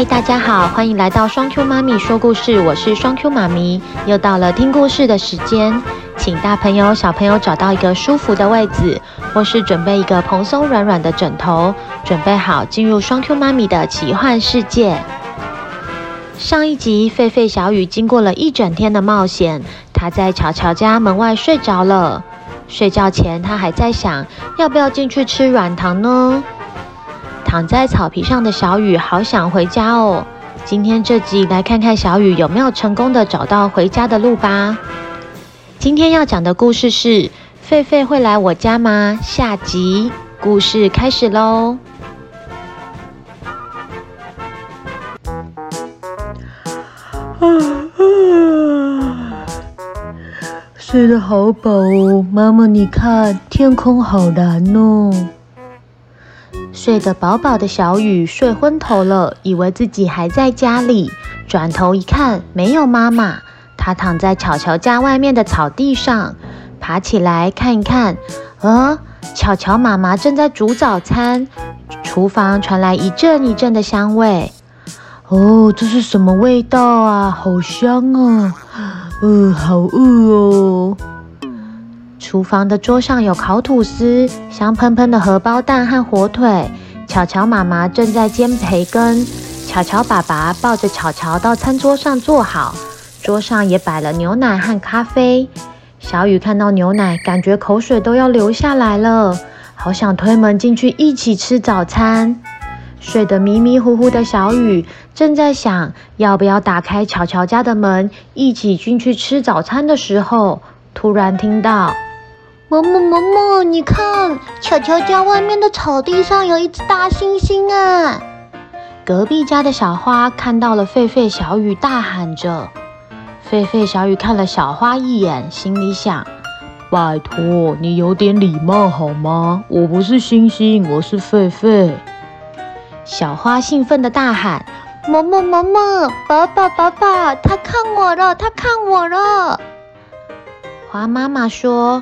嗨，大家好，歡迎來到雙 Q 媽咪說故事，我是雙 Q 媽咪，又到了聽故事的時間，請大朋友小朋友找到一個舒服的位置，或是準備一個蓬鬆軟軟的枕頭，準備好進入雙 Q 媽咪的奇幻世界。上一集，狒狒小宇經過了一整天的冒險，他在喬喬家門外睡着了。睡覺前，他還在想，要不要進去吃軟糖呢？躺在草皮上的小宇，好想回家哦。今天這集來看看小宇有沒有成功的找到回家的路吧。今天要講的故事是：狒狒會來我家嗎？下集故事開始嘍。啊啊！睡得好飽哦，媽媽，你看天空好藍哦。睡得飽飽的小宇睡昏頭了，以為自己還在家裡。轉頭一看，沒有媽媽。他躺在喬喬家外面的草地上，爬起來看一看。啊、嗯，喬喬媽媽正在煮早餐，廚房傳來一陣一陣的香味。哦，這是什麼味道啊？好香啊！嗯、呃，好餓哦。廚房的桌上有烤吐司、香噴噴的荷包蛋和火腿。喬喬媽媽正在煎培根，喬喬爸爸抱着喬喬到餐桌上坐好，桌上也擺了牛奶和咖啡。小宇看到牛奶，感覺口水都要流下來了，好想推門進去一起吃早餐。睡得迷迷糊糊的小宇正在想要不要打開喬喬家的門，一起進去吃早餐的時候，突然聽到。媽媽媽媽，你看，喬喬家外面的草地上有一隻大猩猩啊！隔壁家的小花看到了狒狒小宇，大喊着。狒狒小宇看了小花一眼，心裡想：拜託，你有點禮貌好嗎？我不是猩猩，我是狒狒。小花興奮地大喊：媽媽媽媽，寶寶寶寶，他看我了，他看我了！花媽媽說。.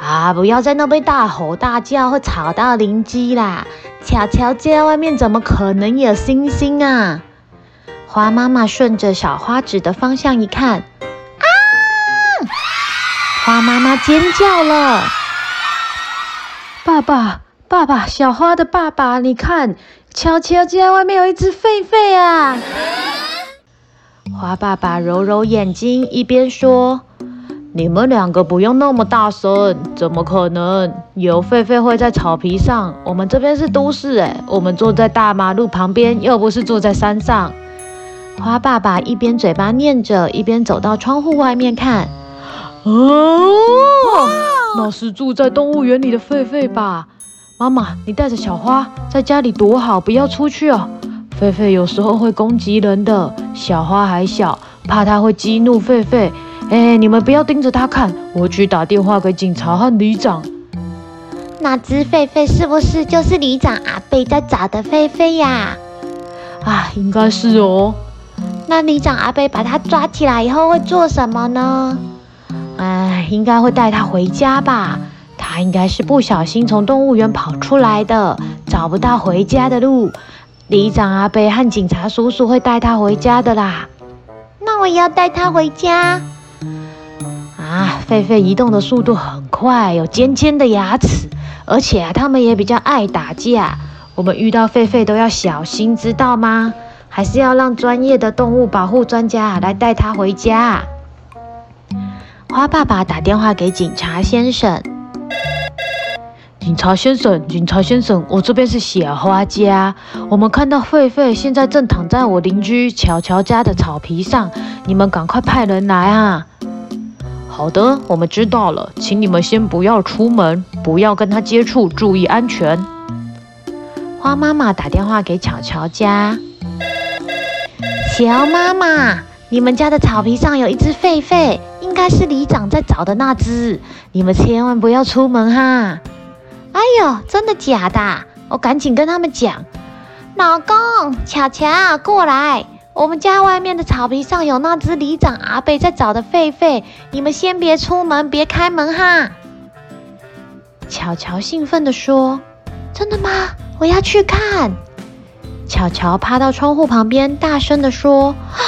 啊！不要在那邊大吼大叫，會吵到鄰居啦。喬喬家外面怎麼可能有星星啊？花媽媽順着小花指的方向一看，啊！花媽媽尖叫了。啊、爸爸，爸爸，小花的爸爸，你看，喬喬家外面有一隻狒狒啊，啊！花爸爸揉揉眼睛，一邊說。你們兩個不用那麼大聲！怎麼可能？有狒狒會在草皮上，我們這邊是都市哎，我們坐在大馬路旁邊，又不是坐在山上。花爸爸一邊嘴巴念着，一邊走到窗戶外面看。哦，哦，那是住在動物園裡的狒狒吧？媽媽，你帶着小花在家裡躲好，不要出去哦。狒狒有時候會攻擊人的，小花還小，怕它會激怒狒狒。哎、欸，你們不要盯着他看，我去打電話給警察和里長。那只狒狒是不是就是里長阿伯在找的狒狒呀？啊，應該是哦。那里長阿伯把他抓起來以後會做什麼呢？哎、啊，應該會帶他回家吧。他應該是不小心從動物園跑出來的，找不到回家的路。里長阿伯和警察叔叔會帶他回家的啦。那我也要帶他回家。狒狒移動的速度很快，有尖尖的牙齒，而且啊，它們也比較愛打架。我們遇到狒狒都要小心，知道嗎？還是要讓專業的動物保護專家來帶它回家。花爸爸打電話給警察先生。警察先生，警察先生，我這邊是小花家，我們看到狒狒現在正躺在我鄰居喬喬家的草皮上，你們趕快派人來啊！好的，我們知道了，請你們先不要出門，不要跟他接觸，注意安全。花媽媽打電話給喬喬家，喬媽媽，你們家的草皮上有一隻狒狒，應該是里長在找的那隻，你們千萬不要出門哈！哎呦，真的假的？我趕緊跟他們講，老公，喬喬，過來。我們家外面的草皮上有那只里長阿伯在找的狒狒，你們先別出門，別開門哈。喬喬興奮地說：“真的嗎？我要去看！”喬喬趴到窗戶旁邊，大聲地說：“啊，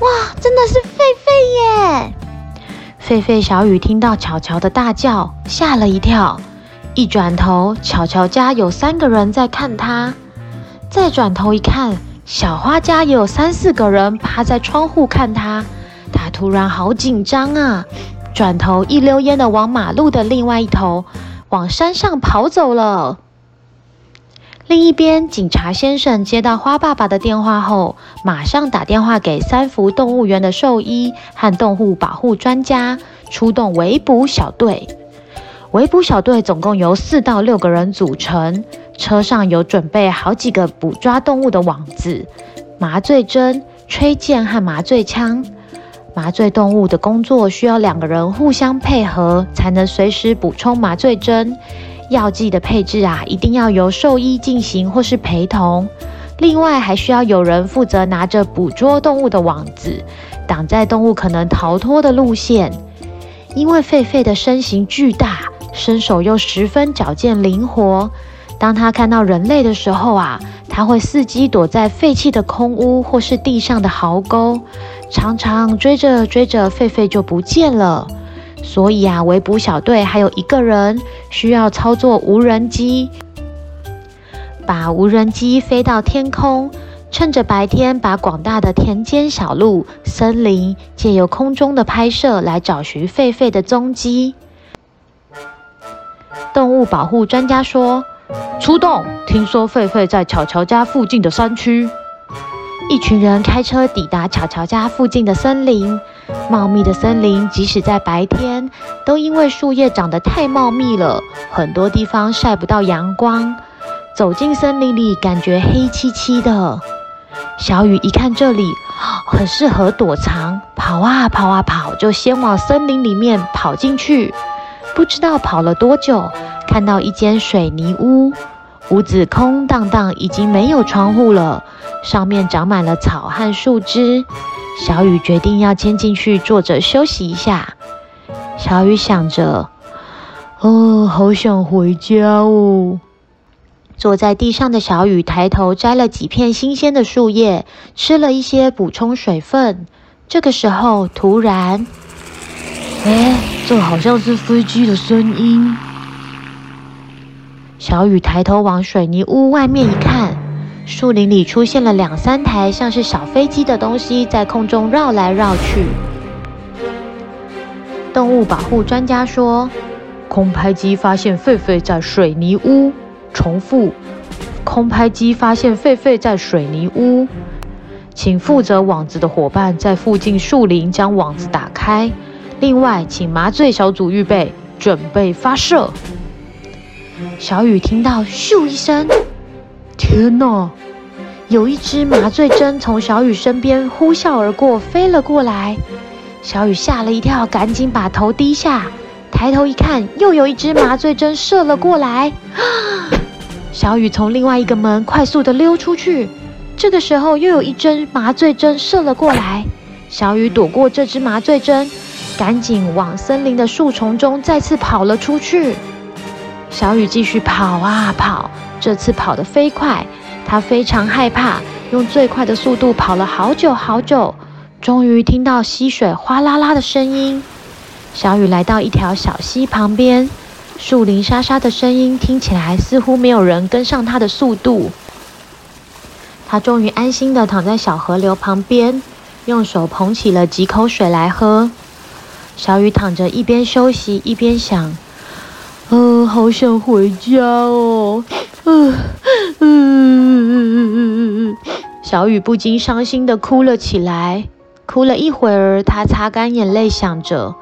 哇，真的是狒狒耶！”狒狒小宇聽到喬喬的大叫，嚇了一跳，一轉頭，喬喬家有三個人在看他，再轉頭一看。小花家也有三四個人趴在窗戶看她，她突然好緊張啊，轉頭一溜煙的往馬路的另外一頭，往山上跑走了。另一邊，警察先生接到花爸爸的電話後，馬上打電話給三福動物園的獸醫和動物保護專家，出動圍捕小隊。圍捕小隊總共由四到六個人組成。車上有準備好幾個捕抓動物的網子、麻醉針、吹箭和麻醉槍。麻醉動物的工作需要兩個人互相配合，才能隨時補充麻醉針。藥劑的配置啊，一定要由獸醫進行或是陪同。另外，還需要有人負責拿着捕捉動物的網子，擋在動物可能逃脫的路線。因為狒狒的身形巨大，身手又十分矯健靈活。當他看到人類的時候啊，他會伺機躲在廢棄的空屋或是地上的壕溝，常常追着追着，狒狒就不見了。所以啊，圍捕小隊還有一個人需要操作無人機，把無人機飛到天空，趁着白天把廣大的田間小路、森林借由空中的拍攝來找尋狒狒的蹤跡。動物保護專家說，出動，聽說狒狒在喬喬家附近的山區。一群人開車抵達喬喬家附近的森林。茂密的森林，即使在白天，都因為樹葉長得太茂密了，很多地方曬不到陽光。走進森林裡，感覺黑漆漆的。小宇一看這裡，很適合躲藏。跑啊跑啊跑，就先往森林裡面跑進去。不知道跑了多久，看到一間水泥屋，屋子空蕩蕩，已經沒有窗戶了，上面長滿了草和樹枝。小宇決定要先進去坐着休息一下。小宇想着：“哦，好想回家哦。”坐在地上的小宇抬頭摘了幾片新鮮的樹葉，吃了一些補充水分。這個時候，突然，哎！這、哦、好像是飛機的聲音。小宇抬頭往水泥屋外面一看，樹林裡出現了兩三台像是小飛機的東西在空中繞來繞去。動物保護專家說：“空拍機發現狒狒在水泥屋。”重複。空拍機發現狒狒在水泥屋，請負責網子的夥伴在附近樹林將網子打開。另外，請麻醉小組預備，準備發射。小宇聽到咻一聲，天哪！有一隻麻醉針從小宇身邊呼嘯而過，飛了過來。小宇嚇了一跳，趕緊把頭低下，抬頭一看，又有一隻麻醉針射了過來。啊，小宇從另外一個門快速地溜出去。這個時候，又有一針麻醉針射了過來，小宇躲過這支麻醉針。趕緊往森林的樹叢中再次跑了出去。小宇繼續跑啊跑，這次跑得飛快。他非常害怕，用最快的速度跑了好久好久，終於聽到溪水嘩啦啦的聲音。小宇來到一條小溪旁邊，樹林沙沙的聲音聽起來似乎沒有人跟上他的速度。他終於安心地躺在小河流旁邊，用手捧起了幾口水來喝。小宇躺着，一邊休息一邊想：“嗯、呃，好想回家哦。呃”嗯嗯，嗯，嗯，嗯，嗯，嗯小宇不禁傷心的哭了起來。哭了一會兒，她擦乾眼淚，想着：“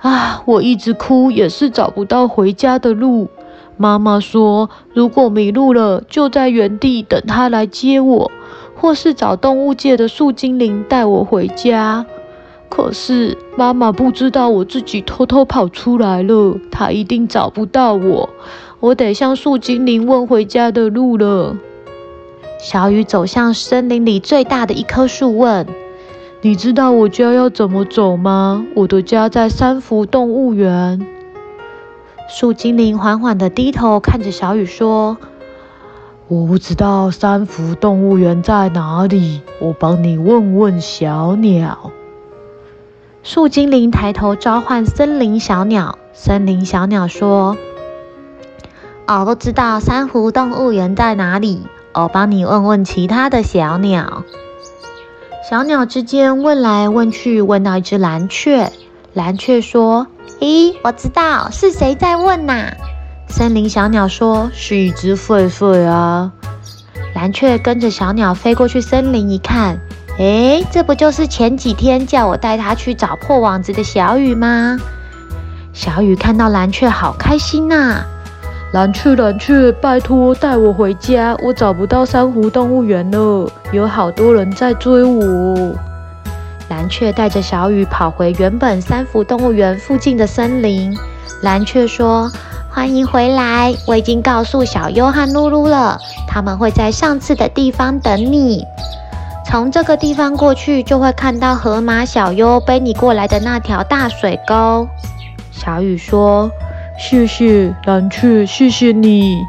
啊，我一直哭也是找不到回家的路。媽媽說，如果迷路了，就在原地等她來接我，或是找動物界的樹精靈帶我回家。”可是媽媽不知道我自己偷偷跑出來了，她一定找不到我。我得向樹精靈問回家的路了。小宇走向森林裡最大的一棵樹，問：“你知道我家要怎麼走嗎？我的家在三福動物園。”樹精靈緩緩的低頭看着小宇，說：“我不知道三福動物園在哪裡，我幫你問問小鳥。”樹精靈抬頭召喚森林小鳥，森林小鳥說：“哦、我不知道珊瑚動物園在哪裡，哦、我幫你問問其他的小鳥。”小鳥之間問來問去，問到一只藍雀，藍雀說：“咦，我知道是誰在問吶、啊？”森林小鳥說：“是一只狒狒啊。”藍雀跟着小鳥飛過去，森林一看。哎，這不就是前幾天叫我帶他去找破網子的小宇嗎？小宇看到藍雀，好開心吶、啊！藍雀，藍雀，拜託帶我回家，我找不到珊瑚動物園了，有好多人在追我。藍雀帶着小宇跑回原本珊瑚動物園附近的森林。藍雀說：“歡迎回來，我已經告訴小優和露露了，他們會在上次的地方等你。”從這個地方過去，就會看到河馬小優背你過來的那條大水溝。小宇說：“謝謝，藍雀，謝謝你。”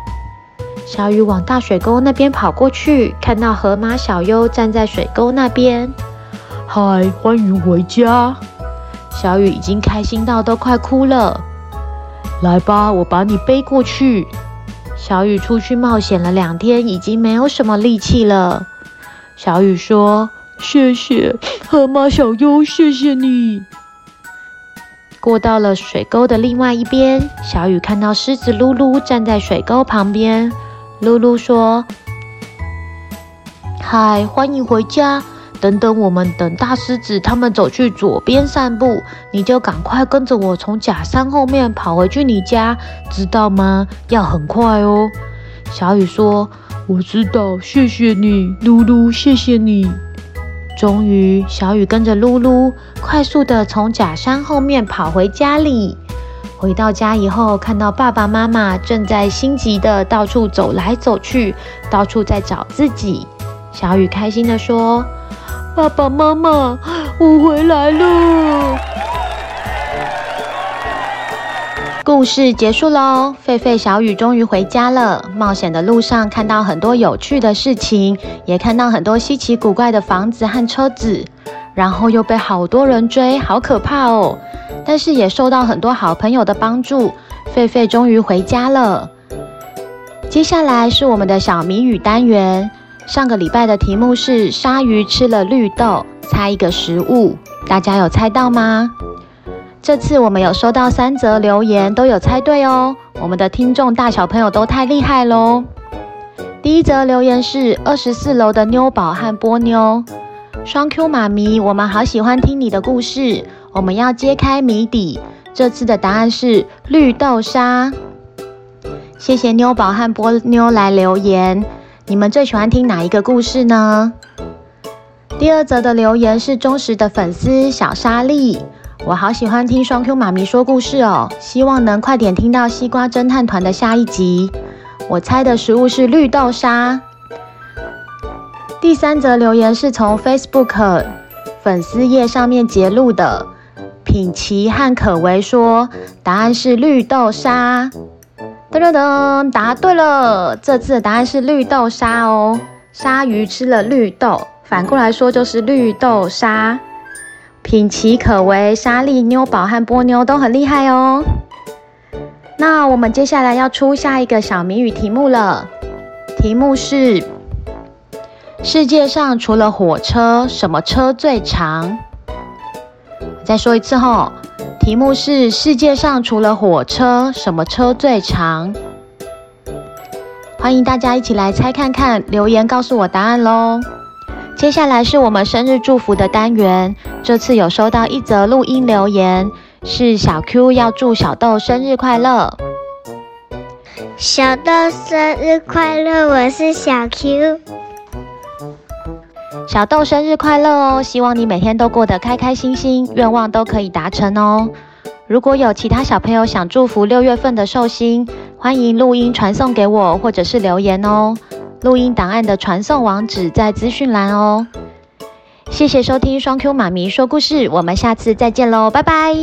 小宇往大水溝那邊跑過去，看到河馬小優站在水溝那邊。嗨，歡迎回家！小宇已經開心到都快哭了。來吧，我把你背過去。小宇出去冒險了兩天，已經沒有什麼力氣了。小宇說：“謝謝，河馬小優，謝謝你。”過到了水溝的另外一邊，小宇看到獅子露露站在水溝旁邊。露露說：“嗨，歡迎回家。等等，我們等大獅子他們走去左邊散步，你就趕快跟着我從假山後面跑回去你家，知道嗎？要很快哦。”小宇說。我知道，謝謝你，嚕嚕，謝謝你。終於，小宇跟着嚕嚕快速地從假山後面跑回家裡。回到家以後，看到爸爸媽媽正在心急地到處走來走去，到處在找自己。小宇開心地說：“爸爸媽媽，我回來了。”故事結束嘍，狒狒小宇終於回家了。冒險的路上看到很多有趣的事情，也看到很多稀奇古怪的房子和車子，然後又被好多人追，好可怕哦！但是也受到很多好朋友的幫助，狒狒終於回家了。接下來是我們的小謎語單元，上個禮拜的題目是鯊魚吃了綠豆，猜一個食物，大家有猜到嗎？這次我們有收到三則留言，都有猜對哦！我們的聽眾大小朋友都太厲害嘍。第一則留言是二十四樓的妞寶和波妞，雙 Q 媽咪，我們好喜歡聽你的故事，我們要揭開謎底。這次的答案是綠豆沙。謝謝妞寶和波妞來留言，你們最喜歡聽哪一個故事呢？第二則的留言是忠實的粉絲小沙粒。我好喜歡聽雙 Q 媽咪說故事哦，希望能快點聽到西瓜偵探團的下一集。我猜的食物是綠豆沙。第三則留言是從 Facebook 粉絲頁上面截錄的，品奇和可唯說答案是綠豆沙。噔噔噔，答對了！這次的答案是綠豆沙哦。鯊魚吃了綠豆，反過來說就是綠豆沙。挺奇可為，莎莉、妞寶和波妞都很厲害哦。那我們接下來要出下一個小謎語題目了，題目是：世界上除了火車，什麼車最長？我再說一次哦，題目是：世界上除了火車，什麼車最長？歡迎大家一起來猜看看，留言告訴我答案嘍。接下來是我們生日祝福的單元，這次有收到一則錄音留言，是小 Q 要祝小豆生日快樂。小豆生日快樂，我是小 Q。小豆生日快樂哦，希望你每天都過得開開心心，願望都可以達成哦。如果有其他小朋友想祝福六月份的壽星，歡迎錄音傳送給我，或者是留言哦。錄音檔案的傳送網址在資訊欄哦。謝謝收聽雙 Q 媽咪說故事，我們下次再見嘍，拜拜。